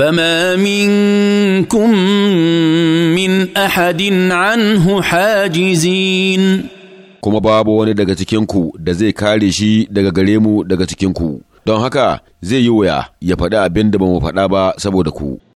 فما منكم من احد عنه حاجزين kuma babu wani daga cikinku da zai kare shi daga gare mu daga cikinku don haka zai yi wuya ya faɗi abin da ba mu faɗa ba saboda ku